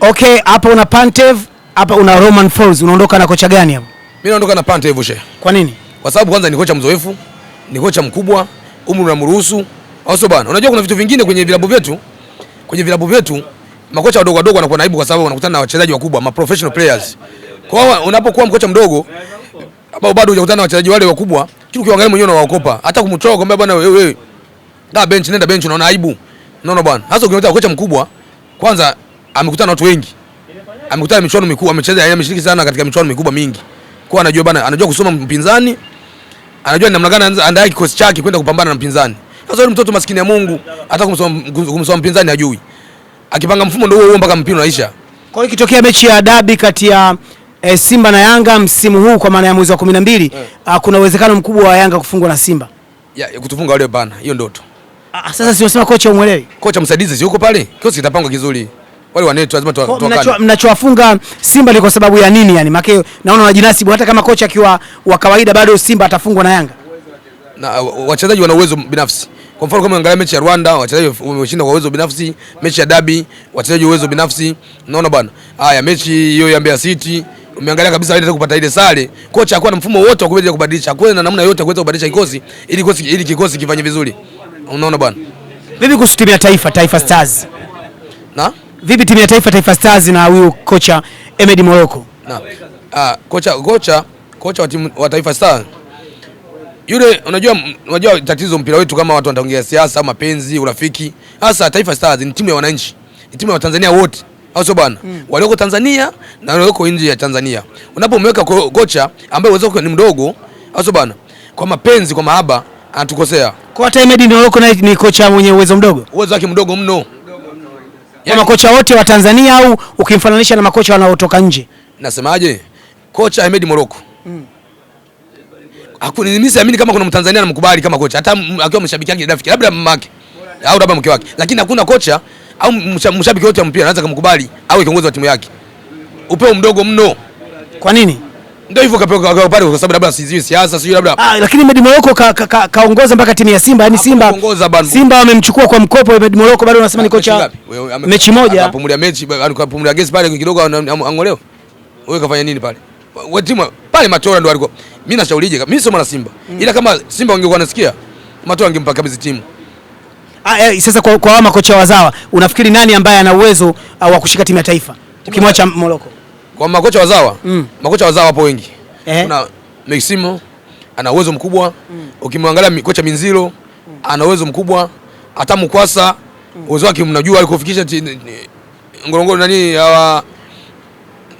Okay, hapa una Pantev, hapa una Roman Falls. Unaondoka na kocha gani hapo? Mimi naondoka na Pantev she. Kwa nini? Kwa sababu kwanza ni kocha mzoefu, ni kocha mkubwa, umri unamruhusu. Au sio bwana? Unajua kuna vitu vingine kwenye vilabu vyetu, kwenye vilabu vyetu makocha wadogo wadogo wanakuwa na aibu kwa sababu wanakutana na wachezaji wakubwa, ma professional players. Kwa hiyo unapokuwa mkocha mdogo ambao bado hujakutana na wachezaji wale wakubwa, kitu kiangalia mwenyewe unawaokopa. Hata kumtoa kwamba bwana wewe wewe, da bench nenda bench unaona aibu. Unaona bwana? Hasa ukimwita kocha mkubwa kwanza amekutana na watu wengi, amekutana michuano mikubwa, amecheza, ameshiriki sana katika michuano mikubwa mingi, kwa anajua bana, anajua kusoma mpinzani, anajua namna gani andaa kikosi chake kwenda kupambana na mpinzani. Sasa yule mtoto maskini ya Mungu hata kumsoma kumsoma mpinzani hajui, akipanga mfumo ndio huo mpaka mpira unaisha. Kwa hiyo ikitokea mechi ya dabi kati ya e, Simba na Yanga msimu huu kwa maana ya mwezi wa 12 yeah, eh. kuna uwezekano mkubwa wa Yanga kufungwa na Simba ya, ya kutufunga wale bana, hiyo ndoto. Ah, ah sasa sio sema kocha umwelewi. Kocha msaidizi si yuko pale? Kiosi kitapangwa kizuri wale wanetu lazima tuwakane. Mnachowafunga Simba ni kwa sababu ya nini? Yani make naona wanajinasibu, hata kama kocha akiwa wa kawaida bado Simba atafungwa na Yanga na uh, wachezaji wana uwezo binafsi. Kwa mfano kama angalia mechi ya Rwanda, wachezaji wameshinda kwa uwezo binafsi, mechi ya Dabi, wachezaji uwezo binafsi. Unaona bwana? Haya, mechi hiyo ya Mbeya City umeangalia kabisa hata kupata ile sare, kocha hakuwa na mfumo wote wa kuweza kubadilisha. Hakuwa na namna yote kuweza kubadilisha kikosi ili kikosi ili kikosi kifanye vizuri. Unaona bwana? Vipi kusitimia taifa, Taifa Stars? Na? Vipi timu ya taifa Taifa Stars na huyu kocha Emedi Moroko? Na, ah, kocha kocha kocha wa timu wa Taifa Stars yule unajua, unajua tatizo mpira wetu kama watu wanaongea siasa, mapenzi, urafiki. Hasa Taifa Stars ni timu ya wananchi, ni timu ya Watanzania wote, au sio bwana? Mm. Walioko Tanzania na walioko nje ya Tanzania. Unapomweka kocha ambaye uwezo wake ni mdogo, au sio bwana? Kwa mapenzi, kwa mahaba, anatukosea. Kwa hata Ahmed Moroko naye ni kocha mwenye uwezo mdogo, uwezo wake mdogo mno ya yaani- makocha wote wa Tanzania au ukimfananisha na makocha wanaotoka nje? Nasemaje? Kocha Ahmed Moroko. Mm. siamini kama kuna Mtanzania anamkubali kama kocha hata akiwa mshabiki wake rafiki, labda mamake au labda mke wake. Lakini hakuna kocha au mshabiki wote wa mpira anaweza kumkubali awe kiongozi wa timu yake. Upeo mdogo mno. Kwa nini? Ndio hivyo kapewa pale kwa sababu labda sijui siasa sijui labda. Ah, lakini Medi Moroko kaongoza mpaka timu ya Simba, yani Simba Simba wamemchukua kwa mkopo Medi Moroko bado unasema ni kocha. Ah, mechi moja. Anapumulia mechi, anapumulia gesi pale kidogo angolewa. Wewe kafanya nini pale? Wewe timu pale Matora ndio alikuwa. Mimi nashaurije, mimi sio mwana Simba. Mm. Ila kama Simba wangekuwa nasikia, Matora angempa kabisa timu. Ah, eh, sasa kwa kwa makocha wazawa, unafikiri nani ambaye ana uwezo ah, wa kushika timu ya taifa? Ukimwacha Moroko. Kwa makocha wazawa mm. makocha wazawa wapo wengi eh. Kuna Maximo ana uwezo mkubwa mm. ukimwangalia kocha Minziro mm. ana uwezo mkubwa, hata Mkwasa mm. uwezo wake mnajua alikufikisha Ngorongoro nani hawa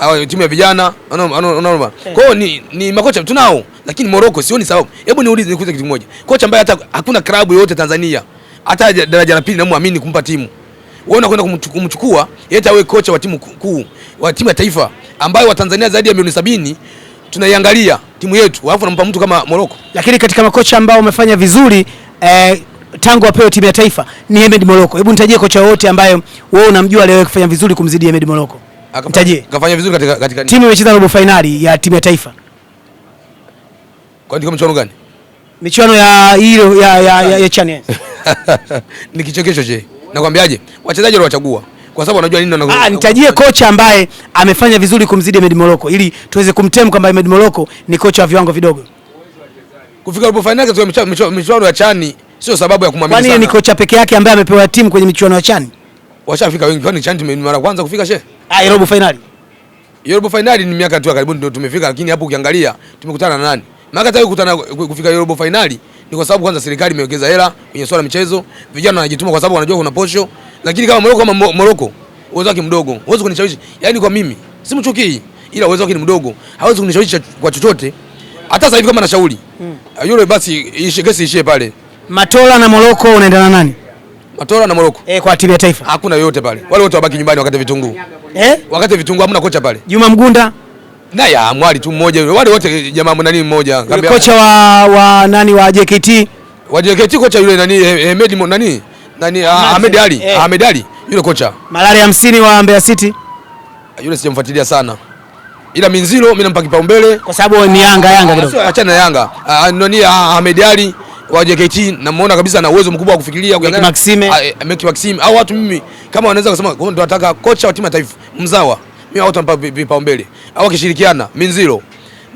hawa timu ya vijana unaona. Eh. Kwa hiyo ni, ni makocha tunao, lakini Morocco sioni sababu. Hebu niulize nikuze kitu kimoja, kocha ambaye hata hakuna klabu yote Tanzania hata daraja la pili namuamini kumpa timu wewe unakwenda kumchukua yeye, awe kocha wa timu kuu wa timu ya taifa ambayo Watanzania zaidi ya milioni sabini tunaiangalia timu yetu, alafu nampa mtu kama Moroko. Lakini katika makocha ambao wamefanya vizuri eh, tangu apewe timu ya taifa ni Ahmed Moroko. Hebu nitajie kocha wote ambaye wewe unamjua leo kufanya vizuri kumzidi Ahmed Moroko. Nitajie. Kafanya vizuri katika, katika timu imecheza robo finali ya timu ya taifa. Kwa nini mchuano gani? Michuano ya hilo ya ya, ya, ya, ya Chania. Ni kichekesho je? nakwambiaje, wachezaji wanawachagua kwa sababu wanajua nini wanataka. Ah, nitajie kocha ambaye amefanya vizuri kumzidi Ahmed Moroko ili tuweze kumtem kwamba Ahmed Moroko ni kocha wa viwango vidogo. Kufika robo finali katika michuano ya chani sio sababu ya kumwamini sana. Kwani ni kocha peke yake ambaye amepewa timu kwenye michuano ya chani? Washafika wengi, kwani chani ni mara kwanza kufika she? Ah, robo finali. Hiyo Robo finali ni miaka tu ya karibuni ndio tumefika, lakini hapo ukiangalia tumekutana na nani? Maana hata kukutana kufika robo finali ni kwa sababu kwanza serikali imewekeza hela kwenye swala michezo, vijana wanajituma kwa sababu wanajua kuna posho. Lakini kama Moroko kama Moroko uwezo wake mdogo, uwezo kunishawishi. yani, kwa mimi simchukii, ila uwezo wake ni mdogo, hawezi kunishawishi kwa chochote. Hata sasa hivi kama nashauri hmm, yule basi ishe gesi ishe pale. Matola na Moroko unaendana nani? Matola na Moroko. Eh, kwa timu ya taifa. Hakuna yoyote pale. Wale wote wabaki nyumbani wakati vitunguu. Eh? Wakati vitunguu hamna kocha pale. Juma Mgunda na ya mwali tu mmoja yule, wale wote jamaa mna nini mmoja, kocha wa, wa nani wa JKT wa JKT, kocha yule nani Ahmed eh, nani nani ah, Ahmed Ali eh. Ahmed Ali yule kocha malaria 50 wa Mbeya City ah, yule sijamfuatilia sana, ila Minzilo mimi nampa kipaumbele kwa sababu ni Yanga Yanga kidogo, Acha na Yanga ah, nani Ahmed Ali wa JKT namuona kabisa na uwezo mkubwa wa kufikiria kwa Maxime eh, Maxime, au watu mimi kama wanaweza kusema ndio nataka kocha wa timu ya taifa mzawa mimi hao tampa vipaumbele au wakishirikiana Minziro,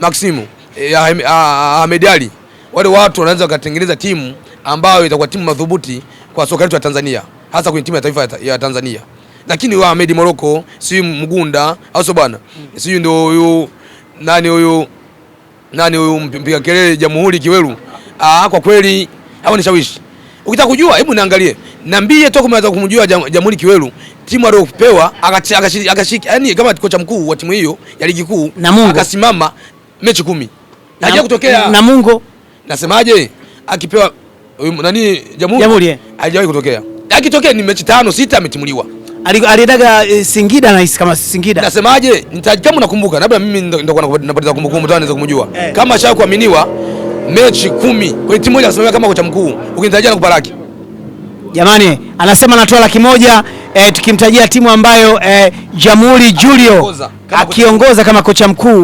Maximu, eh, ah, ah, Ahmed Ali, wale watu wanaweza wakatengeneza timu ambayo itakuwa timu madhubuti kwa soka letu la Tanzania, hasa kwenye timu ya taifa ya Tanzania. Lakini wa Ahmed Moroko, si Mgunda au sio bwana, mm. si ndio huyu nani huyu nani huyu mpiga kelele Jamhuri Kiweru. Ah, kwa kweli hao ni shawishi Ukitaka kujua, hebu niangalie, niambie toka umeanza kumjua Jamhuri Kiweru, timu aliyopewa akashiriki, yani kama kocha mkuu wa timu hiyo ya ligi kuu akasimama mechi kumi haja kutokea Namungo, nasemaje, akipewa nani Jamhuri Jamhuri. Eh. haijawahi kutokea, akitokea ni mechi tano sita ametimuliwa aliendaga e, eh, Singida na hisi kama Singida. Nasemaje? Kama nakumbuka labda mimi ndio napata kumbukumbu tena naweza kumjua. Eh. Kama ashakuaminiwa mechi kumi kwenye timu moja anasimamia kama kocha mkuu, ukinitajia na kubaraki jamani. Anasema anatoa laki moja e, eh, tukimtajia timu ambayo e, Jamhuri Julio akiongoza kama kocha mkuu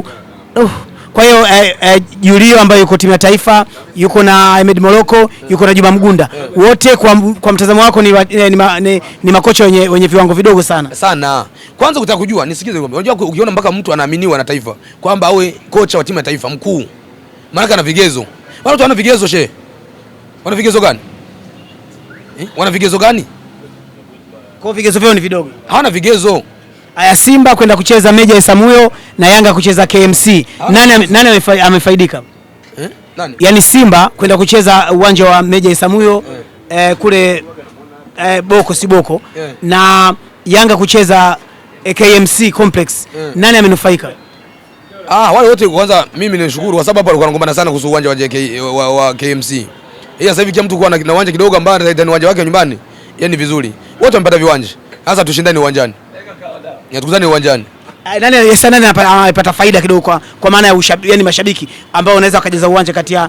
uh. Kwa hiyo eh, eh, Julio ambaye yuko timu ya taifa yuko na Ahmed Moroko yuko na Juma Mgunda wote kwa, kwa mtazamo wako ni, eh, ni, ni, ni ni makocha wenye, wenye viwango vidogo sana sana. Kwanza kutaka kujua nisikize, unajua ukiona mpaka mtu anaaminiwa na taifa kwamba awe kocha wa timu ya taifa mkuu maana ana vigezo. Watu wana vigezo she. Wana vigezo gani? Eh? Wana vigezo gani? Kwa vigezo vyao ni vidogo. Hawana vigezo. Aya, Simba kwenda kucheza Meja ya Samuyo na Yanga kucheza KMC. Nani nani amefaidika? Eh? Nani? Yaani Simba kwenda kucheza uwanja wa Meja ya Samuyo eh. eh, kule eh, Boko si Boko eh, na Yanga kucheza eh, KMC complex. Eh. Nani amenufaika? Ah, wale wote kwanza mimi nishukuru kwa sababu walikuwa wanagombana sana kuhusu uwanja wa, JK, wa, wa KMC. Yeye sasa hivi kila mtu kwa na uwanja kidogo ambao anataka uwanja wake nyumbani. yani vizuri. Wote wamepata viwanja. Sasa tushindane uwanjani. Ya tukuzane uwanjani. Ah, nani yesa nani anapata faida kidogo kwa kwa maana ya ushabiki, yani mashabiki ambao wanaweza wakajaza uwanja kati ya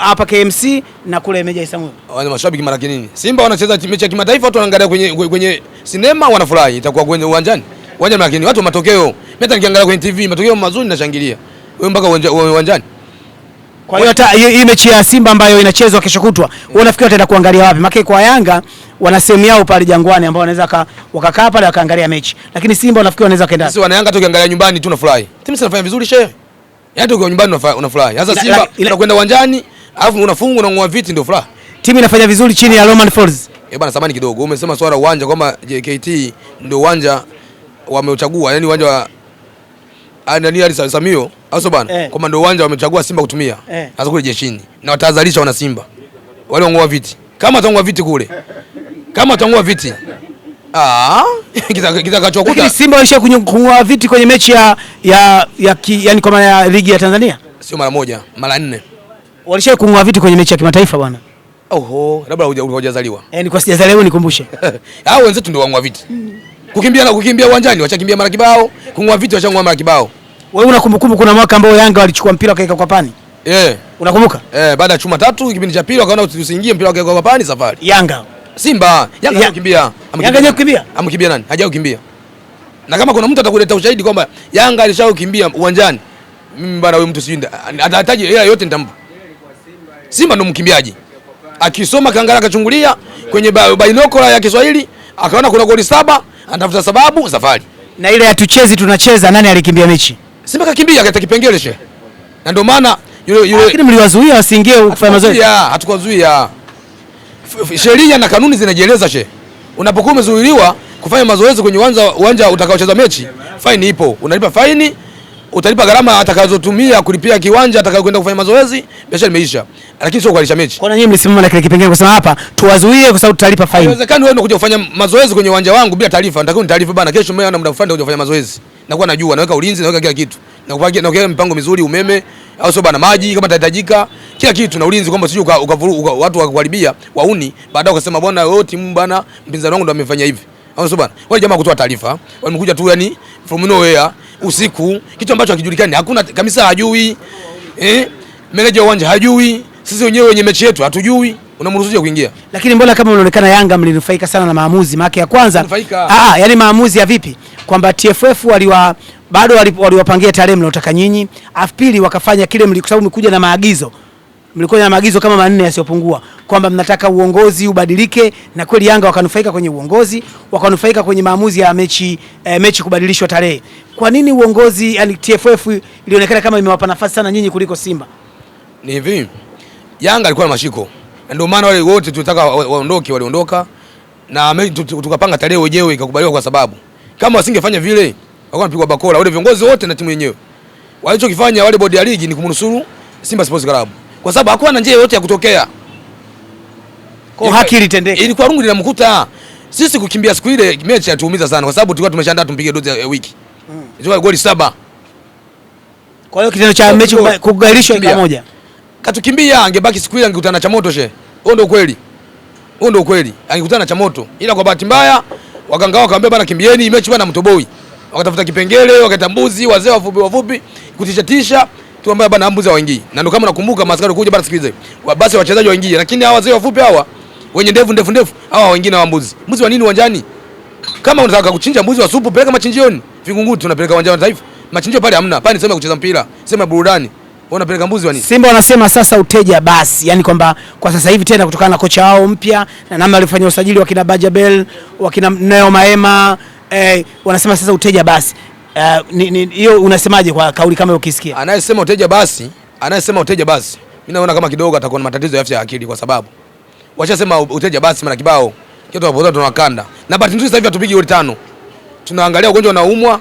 hapa KMC na kule Meja Isamu. Wale mashabiki mara nini? Simba wanacheza mechi ya kimataifa watu wanaangalia kwenye kwenye sinema wanafurahi itakuwa kwenye uwanjani uwanja lakini watu matokeo. Mimi hata nikiangalia kwenye TV matokeo mazuri nashangilia. Wewe mpaka uwanjani. Kwa hiyo hata hii mechi ya Simba ambayo inachezwa kesho kutwa, wewe unafikiri wataenda kuangalia wapi? Maana kwa Yanga wana sehemu yao pale Jangwani ambao wanaweza wakakaa pale wakaangalia mechi. Lakini Simba unafikiri wanaweza kaenda? Sisi wana Yanga tukiangalia nyumbani tu tunafurahi. Timu sasa inafanya vizuri shehe. Yaani tukiwa nyumbani unafurahi. Sasa Simba tunakwenda uwanjani, alafu unafungwa na ng'oa viti ndio furaha. Timu inafanya vizuri chini ya Roman Falls. Eh bwana samani kidogo. Umesema swala uwanja kwamba JKT ndio uwanja wamechagua yani uwanja wa ah, nani Ali Samio aso bana eh, kwamba ndio uwanja wamechagua Simba kutumia eh, hasa kule jeshini na watazalisha wana Simba wale wangua viti kama tangua viti kule kama tangua viti ah kitakachokuta kita Simba waisha kunyakua viti kwenye mechi ya ya, ya ki, yani kwa maana ya ligi ya Tanzania sio mara moja, mara nne walisha kunyakua viti kwenye mechi ya kimataifa bwana. Oho, labda hujazaliwa. Eh, ni kwa sijazaliwa nikumbushe. Hao wenzetu ndio wangua viti. Hmm kukimbia na kukimbia uwanjani wachakimbia mara kibao, kung'oa viti wachang'oa mara kibao. Wewe una kumbukumbu kuna mwaka ambao Yanga walichukua mpira wakaika kwa pani? Eh. Yeah. Unakumbuka? Eh, Yeah, baada ya chuma tatu kipindi cha pili wakaona usiingie mpira wakaika kwa pani safari. Yanga. Simba. Yanga hajakimbia. Yanga hajakimbia. Amkimbia nani? Hajakimbia. Na kama kuna mtu atakuleta ushahidi kwamba Yanga alishakimbia uwanjani, mimi bana, huyo mtu sijui atahitaji hela yote nitampa. Simba ndo mkimbiaji. Akisoma kangara kachungulia kwenye bainokola ya Kiswahili, akaona kuna goli saba anatafuta sababu safari. Na ile hatuchezi tunacheza, nani alikimbia mechi? Simba kakimbia akata kipengele she. Na ndio maana yule yule, lakini mliwazuia wasiingie kufanya mazoezi. Hatukuwazuia, sheria na kanuni zinajieleza she. Unapokuwa umezuiliwa kufanya mazoezi kwenye uwanja uwanja utakaocheza mechi, faini ipo, unalipa faini utalipa gharama atakazotumia kulipia kiwanja atakayokwenda kufanya mazoezi, biashara imeisha, lakini sio kualisha mechi. Kwa nini mlisimama na kile kipengele kusema hapa tuwazuie kwa sababu tutalipa faini? Inawezekana wewe unakuja kufanya mazoezi kwenye uwanja wangu bila taarifa, nataka unitaarifu bana, kesho mimi na muda fulani nitakuja kufanya mazoezi, nakuwa najua, naweka ulinzi, naweka kila kitu, nakupakia na kuweka mipango mizuri, umeme au sio bana, maji kama itahitajika, kila kitu na ulinzi, kwamba sio ukavuru uka, watu wakakuharibia wauni, baadaye ukasema bwana, wewe timu bana, mpinzani wangu ndo amefanya hivi, au sio bana, Wale jamaa kutoa taarifa, wamekuja tu yani from nowhere usiku, kitu ambacho hakijulikani, hakuna kabisa hajui eh, meneja uwanja hajui, sisi wenyewe wenye mechi yetu hatujui unamruhusuje kuingia? Lakini mbona kama unaonekana Yanga mlinufaika sana na maamuzi maake ya kwanza. Ah, ah, yani maamuzi ya vipi? Kwamba TFF waliwa bado waliwapangia tarehe mnaotaka nyinyi, afu pili wakafanya kile mlikuja na maagizo mlikuwa na maagizo kama manne yasiyopungua kwamba mnataka uongozi ubadilike, na kweli Yanga wakanufaika kwenye uongozi, wakanufaika kwenye maamuzi ya mechi eh, mechi kubadilishwa tarehe. Kwa nini uongozi yani TFF ilionekana kama imewapa nafasi sana nyinyi kuliko Simba? Ni hivi, Yanga alikuwa na mashiko, ndio maana wale wote tulitaka waondoke, waliondoka na tukapanga tarehe wenyewe ikakubaliwa, kwa sababu kama wasingefanya vile wakawa wanapigwa bakola wale viongozi wote na timu yenyewe. Walichokifanya wale bodi ya ligi ni kumnusuru Simba Sports Club kwa sababu hakuwa na njia yoyote ya kutokea. Kwa haki ilitendeka, ilikuwa rungu linamkuta. Sisi kukimbia siku ile mechi yatuumiza sana, kwa sababu tulikuwa tumeshaandaa tumpige dozi ya wiki mm. ilikuwa goli saba. Kwa hiyo kitendo cha mechi kugairishwa kwa moja katukimbia, angebaki siku ile angekutana na Chamoto she. Huo ndio kweli, huo ndio kweli, angekutana na Chamoto, ila kwa bahati mbaya waganga wakamwambia bana, kimbieni mechi bana, mtoboi wakatafuta kipengele, wakatambuzi wazee wafupi wafupi kutishatisha tu ambaye bana ambuza waingii. Na ndio kama nakumbuka maskari kuja bana sikilize. Basi wachezaji waingii. Lakini hawa wazee wafupi hawa wenye ndevu ndevu ndevu hawa wengine wa mbuzi. Mbuzi wa nini uwanjani? Kama unataka kuchinja mbuzi wa supu peleka machinjioni. Vingunguti tunapeleka uwanjani wa taifa. Machinjio pale hamna. Pale sema kucheza mpira, sema burudani. Wanapeleka mbuzi wa nini? Simba wanasema sasa uteja basi. Yaani kwamba kwa sasa hivi tena kutokana na kocha wao mpya na namna alifanya usajili wa kina Bajabel, wa kina Neo Maema, eh, wanasema sasa uteja basi. Eh, hiyo uh, unasemaje kwa kauli kama ukisikia anayesema uteja basi, anayesema uteja basi, mimi naona kama kidogo atakuwa na matatizo ya afya ya akili, kwa sababu washasema uteja basi, maana kibao kitu hapo tunakanda. Na bahati nzuri sasa hivi hatupigi goli tano, tunaangalia ugonjwa unaumwa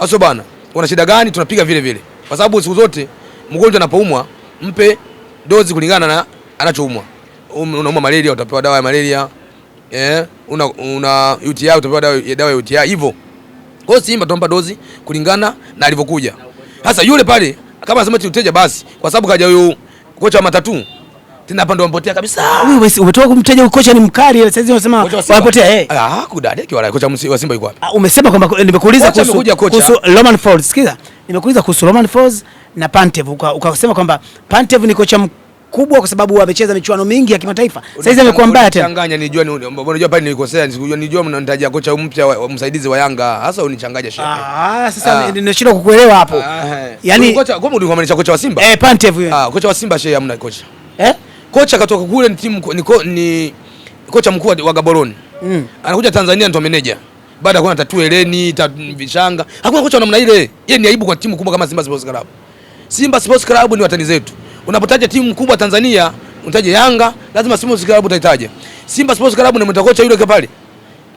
aso bana, una shida gani, tunapiga vile vile, kwa sababu siku zote mgonjwa anapoumwa mpe dozi kulingana na anachoumwa. Um, unaumwa malaria, utapewa dawa ya malaria. Eh, una, una UTI utapewa dawa ya UTI hivyo kwa hiyo Simba tumpa dozi kulingana na alivyokuja. Sasa yule pale kama anasema ti uteja basi kwa sababu kaja huyo kocha wa matatu. Tena hapa ndo mpotea kabisa. Wewe umetoka kumteja kumtaja kocha ni mkali sasa hivi unasema wapotea eh. Ah, kudadeki wala kocha wa Simba yuko wapi? Ah, Umesema kwamba nimekuuliza kuhusu kuhusu Roman Falls. Sikiza. Nimekuuliza kuhusu Roman Falls na Pantev ukasema kwamba Pantev ni kocha mkali kubwa kwa sababu amecheza michuano mingi ya kimataifa. Sasa hizi amekuwa mbaya tena. Changanya nijua ni nini. Mbona Unajua pale nilikosea, nisikujua nijua mnanitajia kocha mpya wa msaidizi wa Yanga. Sasa unichanganya shehe. Ah, sasa ninashindwa kukuelewa hapo. Ah, eh. Yaani kocha kwa nini kumaanisha kocha wa Simba? Eh, Pante hivyo. Ah, kocha wa Simba shehe hamna kocha. Eh? Kocha katoka kule ni timu ni, ni kocha mkuu wa Gaboroni. Mm. Anakuja Tanzania ndo meneja. Baada kuna tatu eleni, tatu vishanga. Hakuna kocha namna ile. Yeye ni aibu kwa timu kubwa kama Simba Sports Club. Simba Sports Club ni watani zetu. Unapotaja timu kubwa Tanzania, unataja Yanga, lazima Simba Sports Club utaitaje. Simba Sports Club ni mtakocha yule pale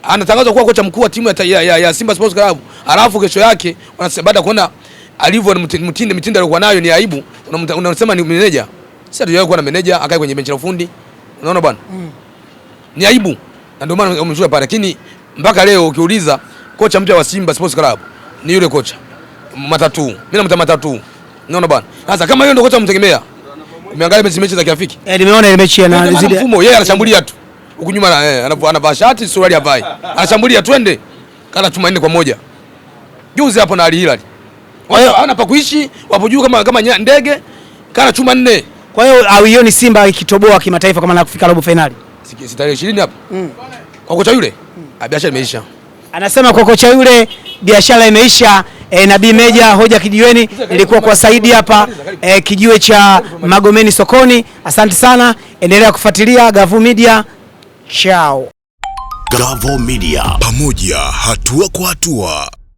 anatangazwa kuwa kocha mkuu wa timu ya, ya, ya ya Simba Sports Club, alafu kesho yake wanasema baada kuona alivyo mtindo mtindo alikuwa nayo ni aibu, unasema ni meneja. Sasa tujawahi kuwa na meneja akae kwenye benchi la ufundi, unaona bwana mm. Ni aibu, na ndio maana umeshuka pale, lakini mpaka leo ukiuliza kocha mpya wa Simba Sports Club ni yule kocha Matatu, mimi namta Matatu, unaona bwana. Sasa kama hiyo ndio kocha mtegemea Umeangalia mechi mechi za kirafiki? Eh, nimeona ile mechi ana zidi. Mfumo yeye anashambulia tu. Huku nyuma eh, anavaa shati, suruali havai. Anashambulia twende. Kala tumaini kwa moja. Juzi hapo na Al Hilal. Kwa hiyo hawana pa kuishi, wapo juu kama kama ndege. Kala chuma nne. Kwa hiyo hauioni Simba ikitoboa kimataifa kama na kufika robo finali. Sitarehe 20 hapo. Mm. Kwa kocha yule? Mm. Ah, biashara imeisha. Anasema kwa kocha yule biashara imeisha. E, Nabii Meja hoja kijiweni ilikuwa kwa Saidi hapa e, kijiwe cha Magomeni sokoni. Asante sana, endelea kufuatilia Gavoo Media. Chao. Gavoo Media, pamoja hatua kwa hatua.